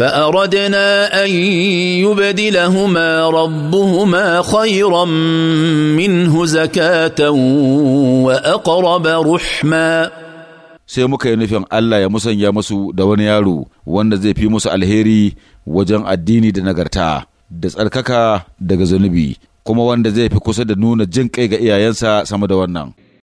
فأردنا أن يبدلهما ربهما خيرا منه زكاة وأقرب رحما sai muka yi nufin Allah ya musanya musu da wani yaro wanda zai fi musu alheri wajen addini da nagarta da tsarkaka daga zunubi kuma wanda zai fi kusa da nuna jin kai ga iyayensa sama da wannan.